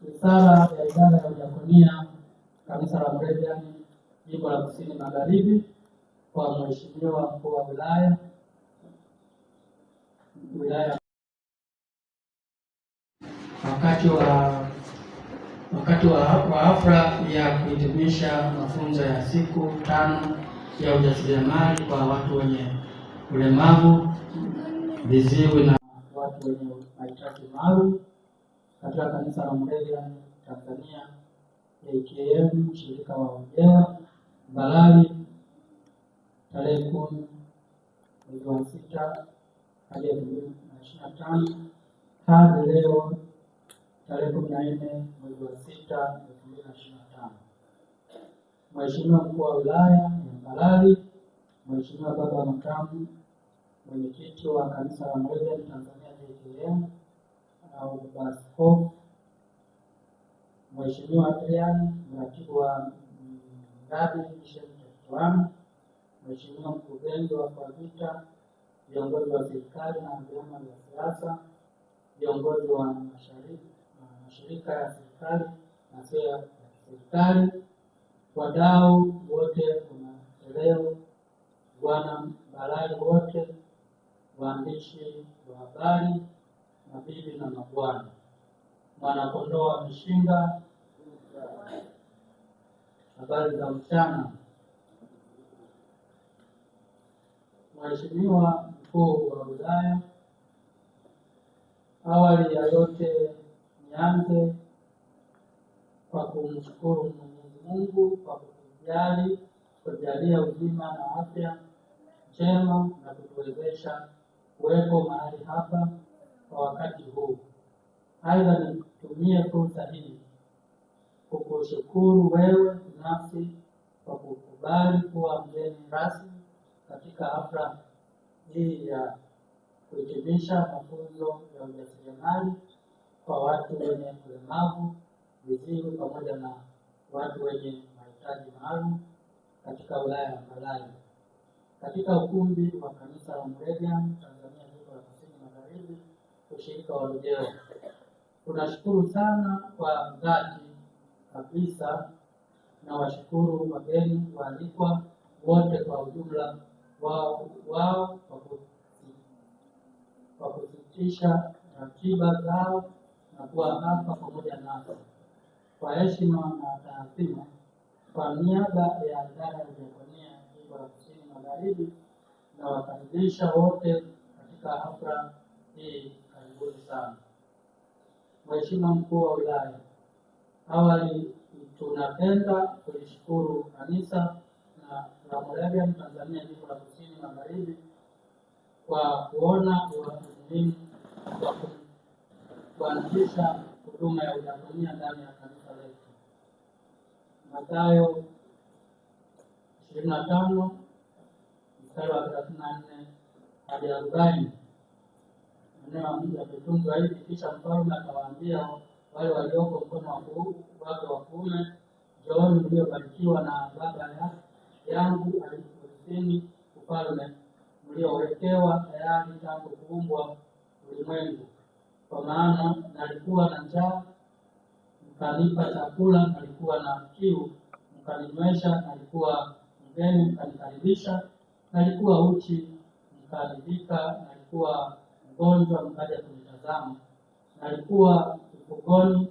Risala ya idara ya udiakonia Kanisa la Moravian jimbo la Kusini Magharibi kwa Mheshimiwa mkuu wa wilaya wilaya wakati wa wakati wa hafla ya kuhitimisha mafunzo ya siku tano ya ujasiriamali kwa watu wenye ulemavu, viziwi na watu wenye mahitaji maalum katika kanisa la Moravian Tanzania AKM shirika wa Ongea balali tarehe kumi mwezi wa sita hadi elfu mbili na ishirini na tano hadi leo tarehe kumi na nne mwezi wa sita elfu mbili na ishirini na tano Mheshimiwa mkuu wa wilaya ya balali Mheshimiwa baba makamu mwenyekiti wa kanisa la Moravian Tanzania JKM na ubaskofu, Mheshimiwa Adrian, mratibu wa mradi Mission Tektoam, Mheshimiwa mkurugenzi wa Kwavita, viongozi wa serikali na vyama vya siasa, viongozi wa mashirika ya serikali na sio ya serikali, wadau wote kuna unaelewa wana balai wote, waandishi wa habari na mimi na mabwana. Mwanakondoo ameshinda. Habari za mchana, Mheshimiwa mkuu wa wilaya. Awali ya yote, nianze kwa kumshukuru Mwenyezi Mungu kwa kutujali, kujalia uzima na afya njema na kutuwezesha kuwepo mahali hapa kwa wakati huu. Aidha, nitumie fursa hii kukushukuru wewe binafsi kwa kukubali kuwa mgeni rasmi katika hafla hii ya kuhitimisha mafunzo ya ujasiriamali kwa watu wenye ulemavu, viziwi pamoja na watu wenye mahitaji maalum katika wilaya ya malai katika ukumbi wa kanisa la Moravian Tanzania jimbo la Kusini Magharibi ushirika wa video. Tunashukuru sana kwa dhati kabisa na washukuru wageni waalikwa wote kwa ujumla wao wao kwa kusitisha ratiba zao na kuwa hapa pamoja nasi kwa heshima na taadhima. Kwa niaba ya idara ya diakonia jimbo la kusini magharibi, na wakaribisha wote katika hafla hii vizuri sana. Mheshimiwa Mkuu wa Wilaya, awali tunapenda kulishukuru Kanisa la Moravian Tanzania Jimbo la Kusini Magharibi kwa kuona umuhimu wa kuanzisha huduma ya udiakonia ndani ya kanisa letu. Mathayo ishirini na tano mstari wa thelathini na nne hadi arobaini eneo la mji wa Kisumu zaidi. Kisha mfalme akawaambia wale walioko mkono wake wa kuume, njooni mliobarikiwa na Baba ya yangu aliyekusini ufalme mliowekewa tayari tangu kuumbwa ulimwengu. Kwa maana nalikuwa na njaa mkanipa chakula, nalikuwa na kiu mkaninywesha, nalikuwa mgeni mkanikaribisha, nalikuwa uchi mkanivika, nalikuwa mgonjwa mkaja kunitazama, na alikuwa kifungoni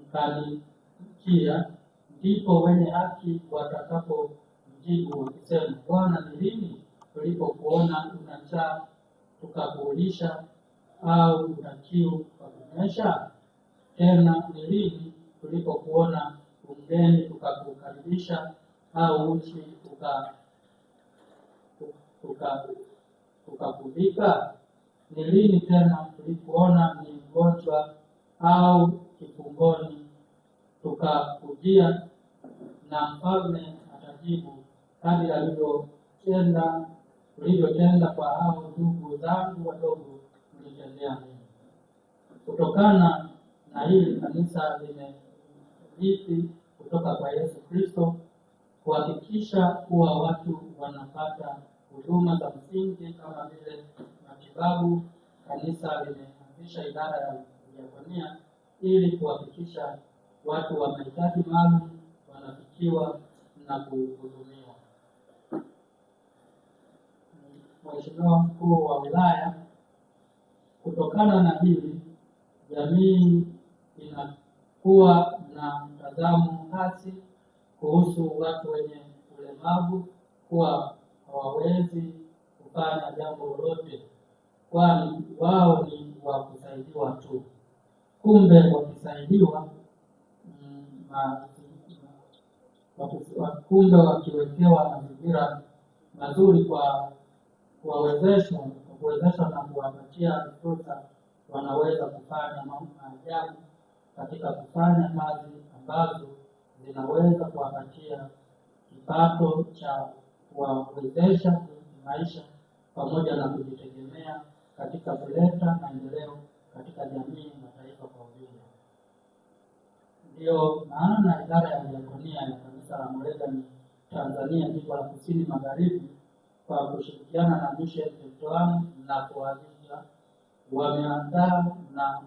mkanikia, ndipo wenye haki watakapo mjibu wakisema, Bwana, ni lini tulipokuona una njaa tukakulisha, au una kiu tukakunywesha? Tena ni lini tulipokuona umgeni tukakukaribisha, au uchi tukakuvika? ni lini tena tulikuona ni mgonjwa au kifungoni tukakujia? Na mfalme atajibu kadiri alivyotenda ulivyotenda kwa hao ndugu zangu wadogo, mlitendea mimi. Kutokana na hili kanisa limerithi kutoka kwa Yesu Kristo kuhakikisha kuwa watu wanapata huduma za msingi kama vile matibabu, kanisa limeanzisha idara ya udiakonia ili kuhakikisha watu wa mahitaji maalum wanafikiwa na kuhudumiwa. Mheshimiwa Mkuu wa Wilaya, kutokana na hili, jamii inakuwa na mtazamo hasi kuhusu watu wenye ulemavu kuwa hawawezi kufanya jambo lolote kwani wao ni wa kusaidiwa tu. Kumbe wakisaidiwa mm, kumbe wakiwekewa mazingira mazuri kwa kuwawezesha kwa kuwezeshwa na kuwapatia fursa, wanaweza kufanya maajabu katika kufanya kazi ambazo zinaweza kuwapatia kipato cha kuwawezesha maisha pamoja na kujitegemea katika kuleta maendeleo katika jamii na taifa kwa ujumla. Ndiyo maana idara ya diakonia ya kanisa la ni Tanzania jimbo la kusini magharibi kwa kushirikiana na Mission Victoria na kuadhiria wameandaa na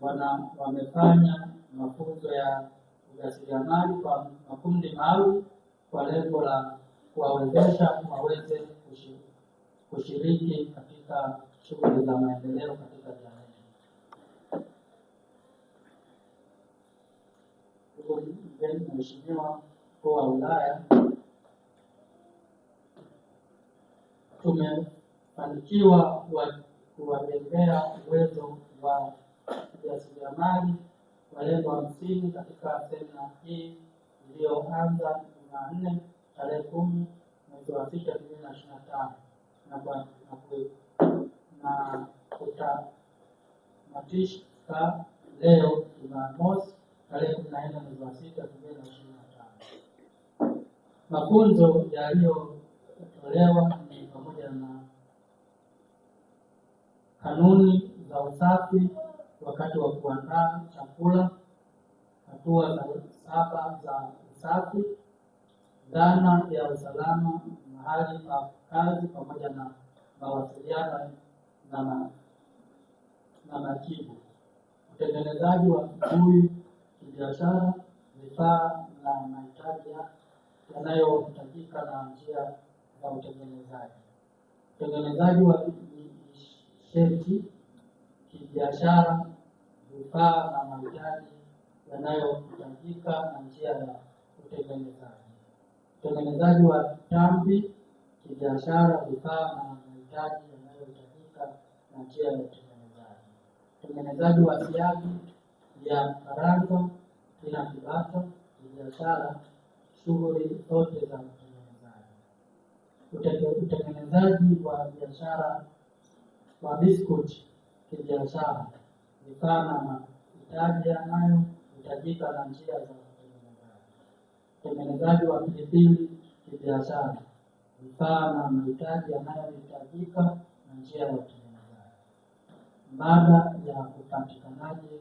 wana wamefanya mafunzo ya ujasiriamali kwa makundi maalum kwa lengo la kuwawezesha waweze kushiriki katika shughuli za maendeleo katika jamii. Mheshimiwa mkuu wa wilaya, tumefanikiwa kuwajengea uwezo wa ujasiriamali walengo hamsini katika semina hii iliyoanza Jumanne tarehe kumi mwezi wa sita elfu mbili na ishirini na tano na na kutamatisha leo Jumamosi tarehe kumi na nne mwezi wa sita elfu mbili na ishirini na tano. Mafunzo yaliyotolewa ni pamoja na kanuni za usafi wakati wa kuandaa chakula, hatua za saba za usafi, dhana ya usalama mahali pa kazi, pamoja na mawasiliano na na majibu, utengenezaji wa kibuyu kibiashara, vifaa na mahitaji yanayohitajika na njia za utengenezaji. Utengenezaji wa sheti kibiashara, vifaa na mahitaji yanayohitajika na njia ya utengenezaji. Utengenezaji wa tambi kibiashara, vifaa na mahitaji na njia ya utengenezaji. Utengenezaji wa siagi ya karanga ina kibata ni biashara, shughuli zote za utengenezaji. Utengenezaji wa biashara wa biskuti kibiashara vifaa na mahitaji yanayohitajika na njia za utengenezaji. Utengenezaji wa pilipili kibiashara vifaa na mahitaji yanayohitajika na njia ya baada ya upatikanaji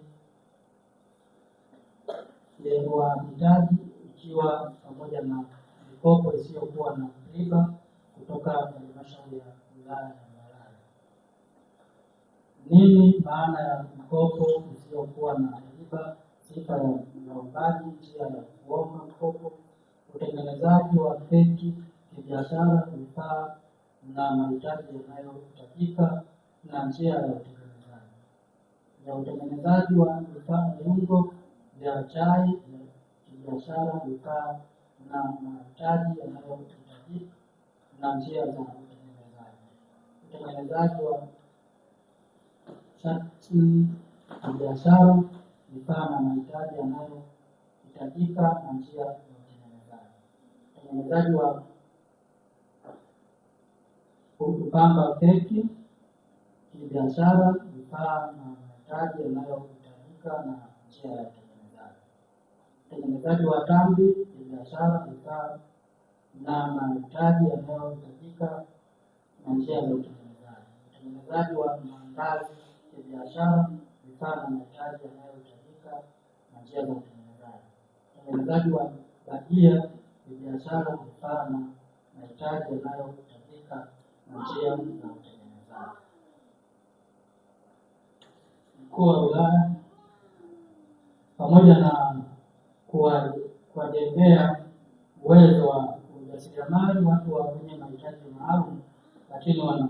wa mitaji ikiwa pamoja na mikopo isiyokuwa na riba kutoka halmashauri ya wilaya ya Mbarali. Nini maana ya mkopo isiyokuwa na riba? Sifa ya mnaombaji, njia ya kuomba mkopo, utengenezaji wa benki kibiashara, vifaa na mahitaji yanayohitajika na njia ya ya utengenezaji wa viungo vya chai na kibiashara, bidhaa na mahitaji yanayohitajika na njia za utengenezaji. Utengenezaji wa sharti kibiashara biashara, na mahitaji yanayohitajika na njia za utengenezaji. Utengenezaji wa kupamba keki kibiashara, vifaa na mataji yanayotamka na njia ya utengenezaji. Utengenezaji wa tambi ni biashara, bidhaa na mahitaji yanayohitajika na njia ya utengenezaji. Utengenezaji wa mandazi ya biashara, bidhaa na mahitaji yanayohitajika na njia ya utengenezaji. Utengenezaji wa bajia ni biashara, bidhaa na mahitaji yanayohitajika na njia ya utengenezaji mkuu wa wilaya pamoja na kuwajengea uwezo wa ujasiriamali watu wa wenye mahitaji maalum, lakini wana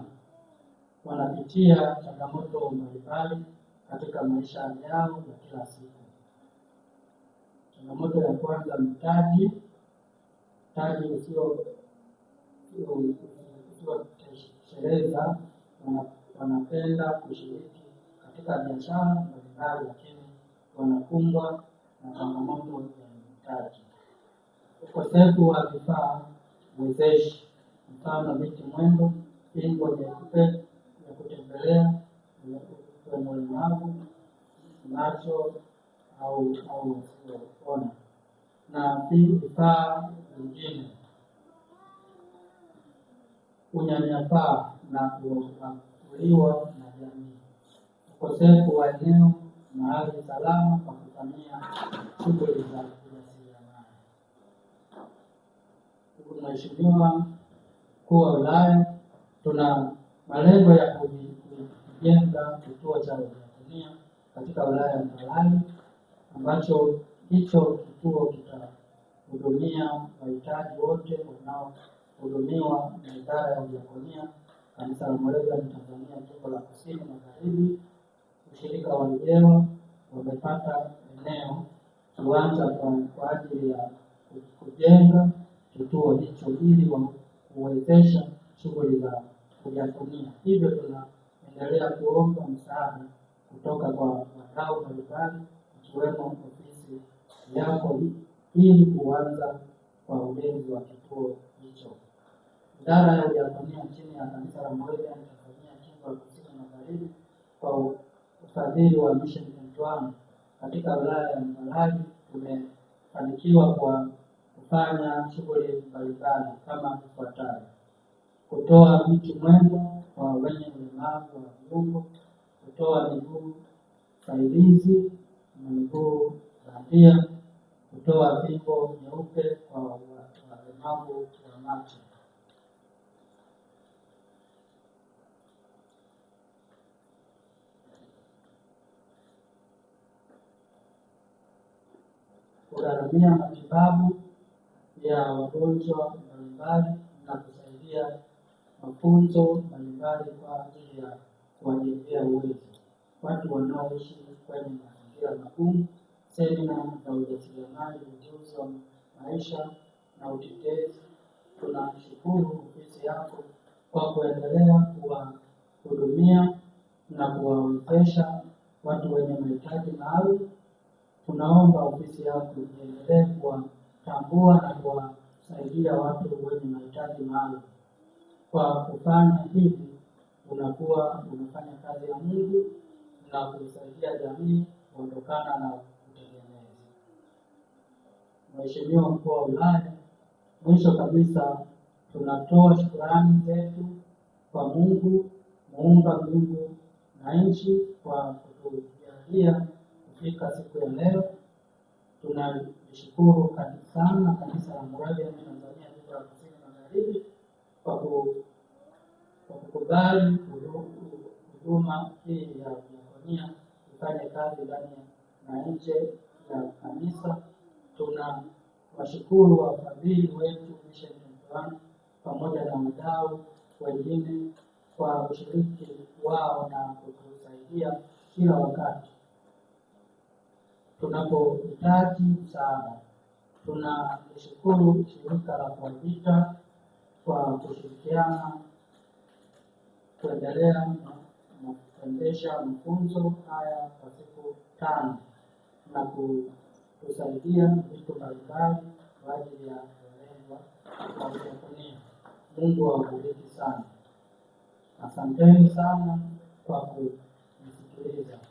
wanapitia changamoto mbalimbali katika maisha yao ya kila siku. Changamoto ya kwanza mtaji, mtaji usiotosheleza. Wanapenda kushiriki katika biashara mbalimbali, lakini wanakumbwa na changamoto ya mtaji, ukosefu wa vifaa wezeshi, mfano viti mwendo, pingo vya kutembelea kwenye ulemavu, macho au wasioona na vifaa vingine, unyanyapaa na kubaguliwa na jamii ukosefu wa eneo na ardhi salama kwa kufanyia shughuli za ujasiriamali. Ndugu Mheshimiwa Mkuu wa Wilaya, tuna malengo ya kujenga kituo cha Watanzania katika wilaya ya Mbarali ambacho hicho kituo kitahudumia wahitaji wote wanaohudumiwa na idara ya udiakonia kanisa la Moravian Tanzania jimbo la Kusini Magharibi. Ushirika wa Ludewa wamepata eneo kiwanja kwa ajili ya kujenga kituo hicho ili kuwezesha shughuli za kujiafunia. Hivyo tunaendelea kuomba msaada kutoka kwa wadau mbalimbali ikiwemo ofisi yako ili kuanza kwa ujenzi wa kituo hicho. Idara ya udiakonia chini ya kanisa la Moravian Tanzania jimbo la Kusini Magharibi kwa ufadhili wa misheni ya katika wilaya ya Mbarali tumefanikiwa kwa kufanya shughuli mbalimbali kama ifuatavyo: kutoa mtu mwema kwa wenye ulemavu wa viungo, kutoa miguu saidizi na miguu bandia, kutoa fimbo nyeupe kwa walemavu wa macho kugharamia matibabu ya wagonjwa mbalimbali na kusaidia mafunzo mbalimbali kwa ajili ya kuwajengea uwezo watu wanaoishi kwenye mazingira magumu, semina za ujasiriamali, ujuzi wa maisha na utetezi. Tunashukuru ofisi yako kwa kuendelea kuwahudumia na kuwawezesha watu wenye mahitaji maalum tunaomba ofisi yako iendelee kuwatambua na kuwasaidia watu wenye mahitaji maalum. Kwa kufanya hivi, unakuwa unafanya kazi ya Mungu na kuisaidia jamii kuondokana na utegemezi. Mheshimiwa mkuu wa wilaya, mwisho kabisa, tunatoa shukurani zetu kwa Mungu muumba mbingu na nchi kwa kutujalia Afrika siku ya leo. Tunashukuru na kanisa la Mwokozi Tanzania jimbo la Kusini Magharibi kwa kukubali huduma hii ya diakonia kufanya kazi ndani na nje ya kanisa. Tunawashukuru wafadhili wetu Mission pamoja na wadau wengine kwa ushiriki wao na kutusaidia kila wakati tunapohitaji msaada. Tunashukuru shirika la kuandika kwa kushirikiana kuendelea na kuendesha mafunzo haya kwa siku tano na kutusaidia vitu mbalimbali kwa ajili ya kuelewa na kufunia. Mungu awabariki sana. Asanteni sana kwa kunisikiliza.